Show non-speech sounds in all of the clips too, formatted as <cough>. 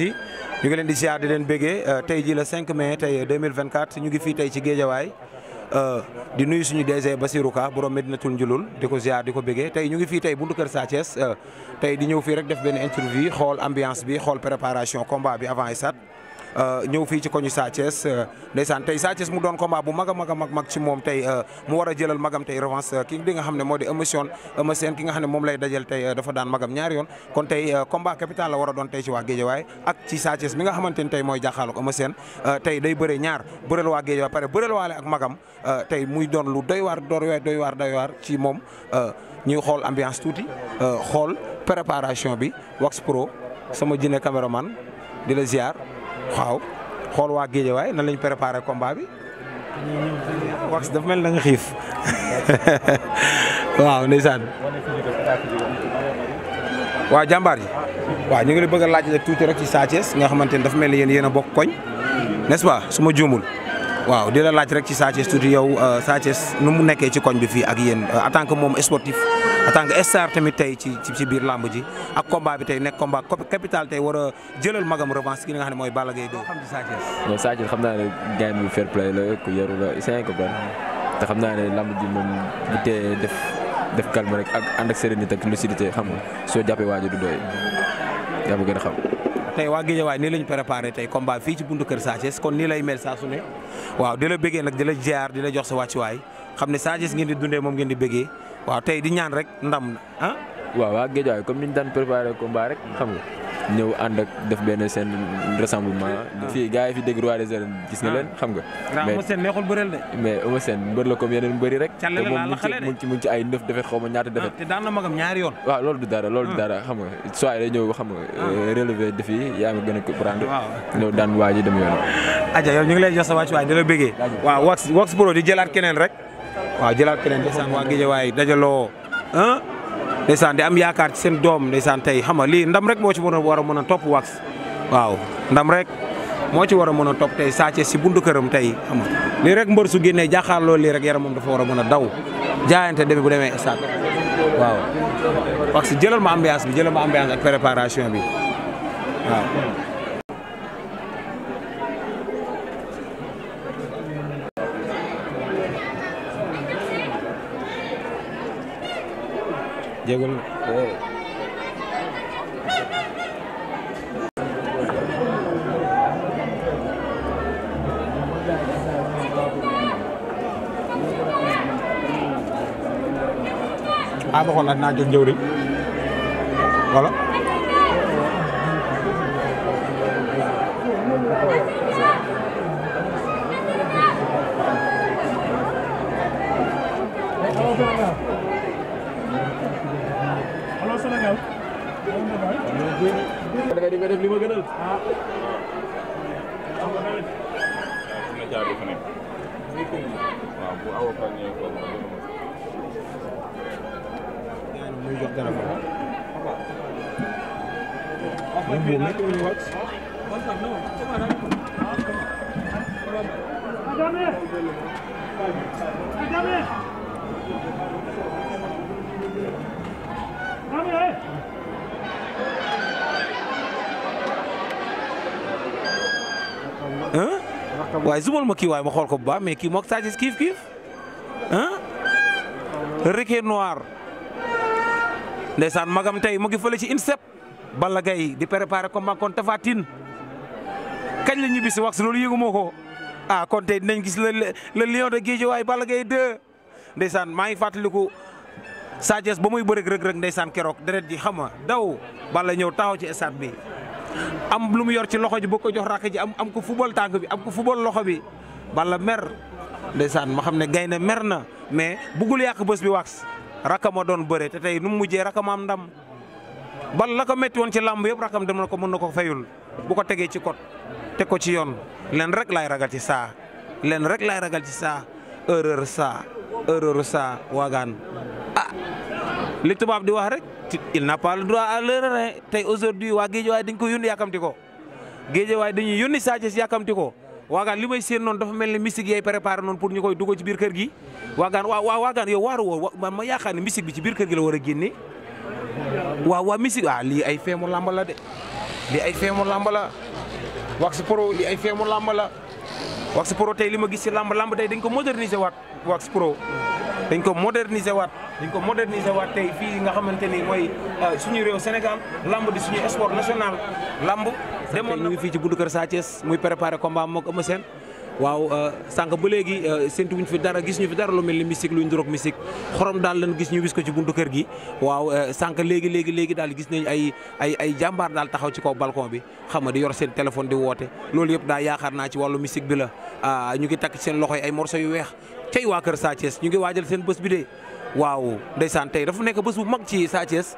ñu ngi leen di ziar di leen béggee euh, tey jii la cinq mais tey 2024 ñu ngi fii tey ci Géejawaay euh, di nuyu suñu DG Basirou Ka borom Medinatul Njulul di ko ziar di ko béggee tey ñu ngi fii tey buntu kër Sa Thiès euh, tey di ñëw fii rek def benn interview xool ambiance bi xool préparation combat bi avant ISAT Euh, ñëw fii ci koñu Sa Thiès euh, ndeysaan tey mu doon combat bu mag a mag a mag mag ci moom tey euh, mu war a jëlal magam tey revanche ki di nga xam ne moo di Eumeu Sène Eumeu Sène ki nga xam ne moom lay dajal dafa daan magam ñaari yoon kon tey combat capital la war a doon tey ci waa Guédiawaye ak ci Sa Thiès mi nga xamante ni tey mooy jàkkaarloog Eumeu Sène tey day bëree ñaar bëreel waa Guédiawaye pare bëreel waale ak magam tey muy doon lu doy waar doy waar doy waar ci moom ñuy xool ambiance tuuti xool préparation bi wax pro sama jine caméraman di la ziar waaw xool waa waay na lañ préparé combat bi. wax dafa mel na nga xiif <laughs> waaw ndeysaan waaw jàmbaar ji waaw ñu ngi la bëgg laaj rek tuuti rek ci Sa Thiès nga xamante ne dafa mel ni yéen yéen a bokk koñ n'est-ce su ma juumul waaw di la laaj rek ci Sa Thiès tuuti yow euh, Sa Thiès nu mu nekkee ci koñ bi fii ak yéen euh, en tant que moom sportif en tant que tamit tey ci ci biir làmb ji ak combat bi tey nekk combat capital tey war jëlal magam revanche ki nga xam ne mooy Balla Gaye 2 xam Sa Thiès. non xam naa ne gars yi mu fair play la ku yaru la c'est incroyable te xam naa ne làmb ji moom bu tee def def calme rek ak ànd ak sérénité ak lucidité xam soo jàppee waajur du doy yaa ma gën a xam. tey waa Guédiawaay nii la ñu préparé tey combat fii ci buntu kër Sa kon nii lay mel saa waaw di la bëggee nag di la jaar di la jox sa wàccuwaay xam ne Sa Thiès ngeen di dundee moom ngeen di bëggee waaw tey di ñaan rek ndam ah. waaw waa Guédiawaay comme ni ñu daan préparé combat rek xam nga ñëw ànd ak def benn seen rassemblement. Ah. fii gars yi fi dégg roi des arènes gis nga ah. leen xam nga. mais Eumeu Sène neexul bëreel de. mais Eumeu Sène mbër la comme yeneen mbëri rek. te moom mu ci mu ci ay neuf ma ah, yoon. waaw loolu du dara loolu du dara xam nga soo day ñëw xam nga euh, relevé gën a comprendre. waaw ñëw daan waa ji dem yoon. ñu ngi lay jox sa wàccuwaay di la bëggee. waaw wax wax pro di jëlaat keneen rek. waaw jëlaat keneen des na waa Guédiawaye dajaloo ndeysaan di am yaakaar ci seen doom ndeysaan tey xam nga lii ndam rek moo ci mën a war a mën a topp wax waaw ndam rek moo ci war a mën a topp tey Sa si buntu këram tey xam lii rek mbër su génnee jàkkaarloo lii rek yaram moom dafa war a mën a daw jaayante deme bu demee stade waaw parce jëlal ma ambiance bi jëlal ma ambiance ak préparation bi waaw jégalu. Eh. ah waxoon naa dinaa jot wala. waaw bu awa fan yee ko moom dina mën. muy jox garab la. muy buum nag. Adame! Adame! waaye zumal ma kii waaye ma xool ko bu baax mais kii moog Sa Thiès kiif kiif ah Requin ndeysaan magam tey mu ngi fële ci INSEP Balla Gaye di préparé combat kon Tapha Tine kañ la ñibbi si wax si loolu yëgu ma ko ah kon tey dinañ gis le le lion de Guédiawaye Balla gay 2 ndeysaan maa ngi fàttaliku Sa Thiès ba muy bëreeg rëg rëg ndeysaan keroog deret ji xam nga daw bala ñëw taxaw ci stade bi. am lu mu yor ci loxo ji boo ko jox rakk ji am am ko football tànk bi am ku football loxo bi bala mer ndeysaan ma xam ne gaynde mer na mais buggul yàq bës bi wax rakka ma doon bëre te tey nu mu mujjee rakka ma am ndam bal la ko métti woon ci làmb yëpp rakam dem na ko mën na ko fayul bu ko tegee ci kot te ko ci yoon leen rek lay ragal ci saa leen rek laay ragal ci saa erreur saa erreur saa waagaan li tubaab di wax rek il n'a pas le droit à l'erreur hein tey aujourd'hui waa Géejawaay dañ ko yónni yàkkamti ko Géejawaay dañuy yónni Sa Thiès yàkkamti ko waagaan li may seen noonu dafa mel ni mystique yaay préparé noonu pour ñu koy dugg ci biir kër gi waagaan waa waa waagaan yow waaru woo man ma yaakaar ne mystique biir kër la war a génne waa waa mystique ah lii ay feemu làmb la de lii ay feemu làmb la wax si pro lii ay feemu làmb la wax si pro li ma gis si làmb làmb tey dañ ko moderniser waat wax si pro dañ ko moderniser waat dañ ko moderniser waat tey fii nga xamante ni mooy euh, suñu réew Sénégal lamb di suñu sport national lamb. demoon na ñu fii ci buntu kër Sa Thiès muy préparé combat moog Eumeu waaw euh, sànq ba léegi euh, séntu wuñ fi dara gis ñu fi dara lu mel ni mystique luñ duroog mystique xorom daal lañ gis ñu wis ko ci buntu kër gi waaw euh, sànq léegi léegi léegi daal gis nañ ay ay ay jàmbaar daal taxaw ci kaw balcon bi xam nga di yor seen téléphone di woote loolu yëpp daal yaakaar naa ci wàllu mystique bi la ah, ñu ngi takk seen loxo yi ay morceau yu weex tey waa kër Sa Thiès ñu ngi waajal seen bës bi de waaw ndeysaan tey dafa nekk bés bu mag ci Sa Thiès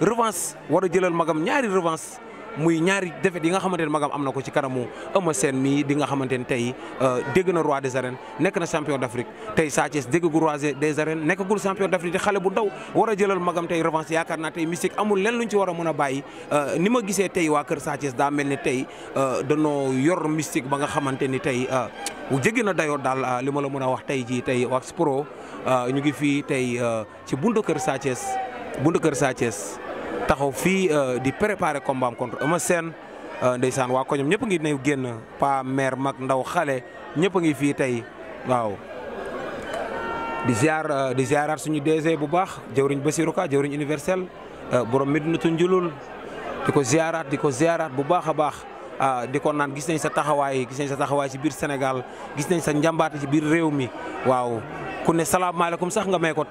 revanche war a jëlal magam ñaari revanche muy ñaari défaite yi nga xamante ne magam am na ko ci kanamu Eumeu Sène mii di nga xamante ne tey euh, dégg na roi des arènes nekk na champion d' Afrique tey Sa Thiès déggagul roi des arènes nekkagul champion d' Afrique di xale bu ndaw war a jëlal magam tey revanche yaakaar naa tey mystique amul lenn luñ ci war a mën a bàyyi euh, ni ma gisee tey waa kër Sa Thiès daa mel ni tey euh, danoo yor mistique ba nga xamante ni tey jéggi na dayoo daal li ma la mën a wax tey jii tey Wax Pro ñu ngi fii tey ci buntu kër Sa Thiès buntu kër taxaw fii euh, di préparer comme a contre Eumeu Sène euh, ndeysaan waa koñam ñëpp ngi new génn pa mère mag ndaw xale ñëpp a ngi fii tey waaw. di ziar euh, di ziaraat suñu DG bu baax jëwriñ Bassirou Ka jëwriñ universel borom Medinatu Njulul di ko ziaraat di ko ziaraat bu baax a baax. Ah, di ko naan gis nañ sa taxawaay gis sa taxawaay ci biir Sénégal gis nañ sa njàmbaate si biir réew mi waaw ku ne sax nga may ko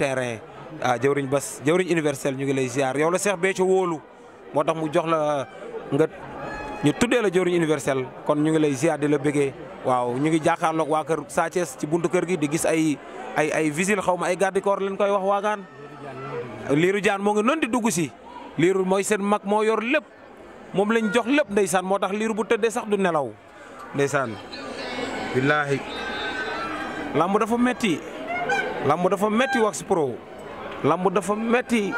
ah jëwriñ bas jëwriñ universel ñu ngi lay ziar yow la Cheikh be ci wolu motax mu jox la nga ñu tuddé la universel kon ñu ngi lay ziar di la bëggé waaw ñu ngi jàkkaarloog wa kër Sa ci buntu kër gi di gis ay ay ay vigiles xawma ma ay garde corps lañ koy wax waagan liru jaan mo ngi non di dugg ci liru moy seen mak mo yor lepp mom lañ jox lepp ndeysaan motax liru bu teddé sax du nelaw ndeysaan billahi lamb dafa metti lamb dafa metti wax pro lamb dafa metti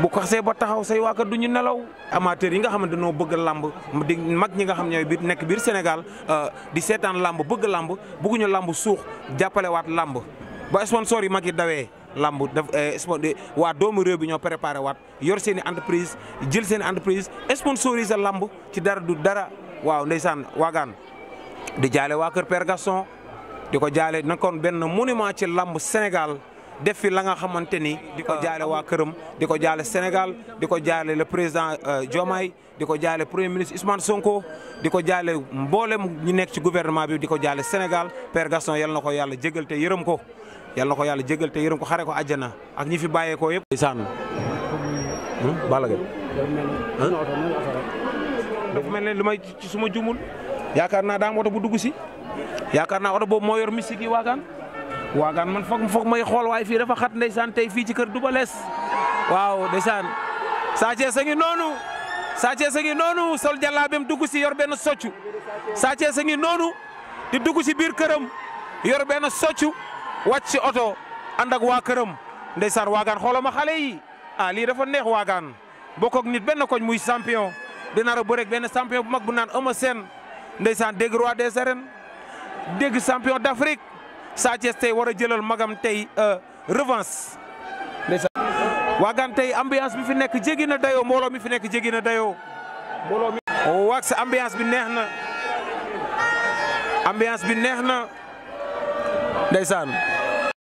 bu ko xasee ba taxaw say waa du ñu nelaw amateur yi nga xam ne dañoo bëgg lamb di mag ñi nga xam ñooy biir nekk biir Sénégal euh, di seetaan lamb bëgg lamb bëgguñu lamb suux jàppalewaat lamb ba sponsor yi mag yi dawee lamb daf euh, waa doomu réew bi ñoo préparé waat yor seen i entreprise jël seen entreprise sponsoriser lamb ci dara du dara waaw ndeysaan waagaan di jaale waa kër Père Gaston di ko jaale nekkoon benn monument ci lamb Sénégal def fi la nga xamante ni di ko ah. jaale waa këram di ko jaale Sénégal di ko jaale la président euh, Diomaye di ko jaale premier ministre Ousmane Sonko di ko jaale mboolem ñu nekk ci gouvernement bi di ko jaale Sénégal Père Gaston yal na ko yàlla jégal te yërëm ko yal na ko yàlla jégal te yërëm ko xare ko àjjana ak ñi fi bàyyeekoo yëpp. ndeysaan hmm? bala ga hmm? dafa mel ne lu may ci suma jumul yaakaar naa daa am oto bu dugg si naa oto boobu moo yor mystique waagaan waagaan man foog foog may xool waay fi dafa xat ndeysaan tey fii ci kër Double Less waaw ndeysaan Sa Thiès a ngi noonu Sa Thiès a ngi noonu sol jàllaabeem dugg si yor benn soccu Sa Thiès a ngi noonu di dugg si biir këram yor benn soccu wàcc si oto ànd ak waa këram ndeysaan waagaan xoolal ma xale yi ah lii dafa neex waagaan bokk ak nit benn koñ muy champion di nar a bëreeg benn champion bu mag bu naan Eumeu Sène ndeysaan dégg roi des arènes dégg champion d'Afrique Sa tey war a jëlal magam tey euh, revanche. waagaan tey ambiance bi fi nekk jéggi na dayoo mbooloo mi fi nekk jéggi na dayoo. mbooloo mi. Oh, waag sa ambiance bi neex na ambiance bi neex na ndeysaan.